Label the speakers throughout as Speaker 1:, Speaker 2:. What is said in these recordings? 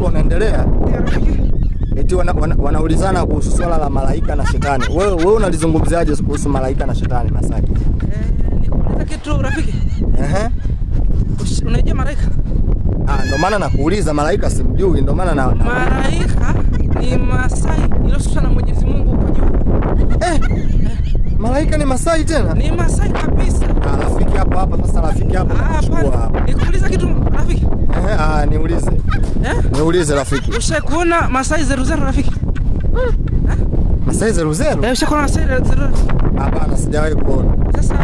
Speaker 1: watu wanaendelea eti wana, wana, wanaulizana kuhusu swala la malaika na shetani. Wewe wewe unalizungumziaje kuhusu malaika na shetani Masaki?
Speaker 2: Eh, nikuuliza kitu rafiki. Ehe. Unajua malaika?
Speaker 1: Ah, ndo maana nakuuliza malaika simjui, ndo maana na, na
Speaker 2: malaika ni Masai iliyosusa na Mwenyezi Mungu kwa
Speaker 1: juu. Eh, eh. Malaika ni Masai tena?
Speaker 2: Ni Masai kabisa.
Speaker 1: Niulize rafiki.
Speaker 2: Ushakuona Masai zero zero rafiki?
Speaker 1: Masai zero zero?
Speaker 2: Eh, ushakuona Masai zero zero?
Speaker 1: Hapana, sijawahi kuona.
Speaker 2: Sasa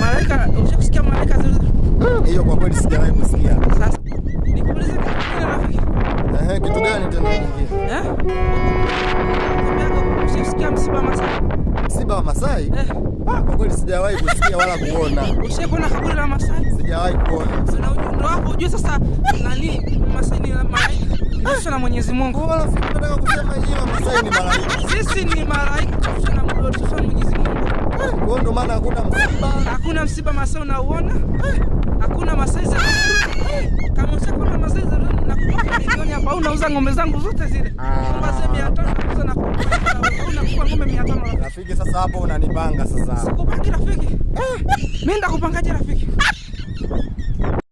Speaker 2: malaika, ushakusikia malaika zero zero?
Speaker 1: Hiyo kwa kweli sijawahi kusikia.
Speaker 2: Sasa nikuulize kitu rafiki.
Speaker 1: Eh, kitu gani tena kingine?
Speaker 2: Eh? Ushakusikia msiba Masai?
Speaker 1: Msiba wa Masai? Eh. Ah, kwa kweli sijawahi kusikia wala kuona.
Speaker 2: Ushakuona kaburi la Masai?
Speaker 1: Sijawahi kuona.
Speaker 2: Sina ujua. Unajua sasa nani Masai ni malaika na Mwenyezi Mungu.
Speaker 1: Wala si tunataka kusema yeye Masai ni malaika.
Speaker 2: Sisi ni malaika na Mwenyezi Mungu.
Speaker 1: Kwa ndo maana hakuna msiba.
Speaker 2: Hakuna msiba Masai unaona? Hakuna Masai za kama sasa kuna Masai za na nakupa milioni hapa unauza ng'ombe zangu zote zile. Ah. Ng'ombe za 500 nauza na unakupa ng'ombe 500.
Speaker 1: Rafiki sasa hapo unanipanga sasa.
Speaker 2: Sikupangi rafiki. Eh. Mimi ndakupangaje rafiki?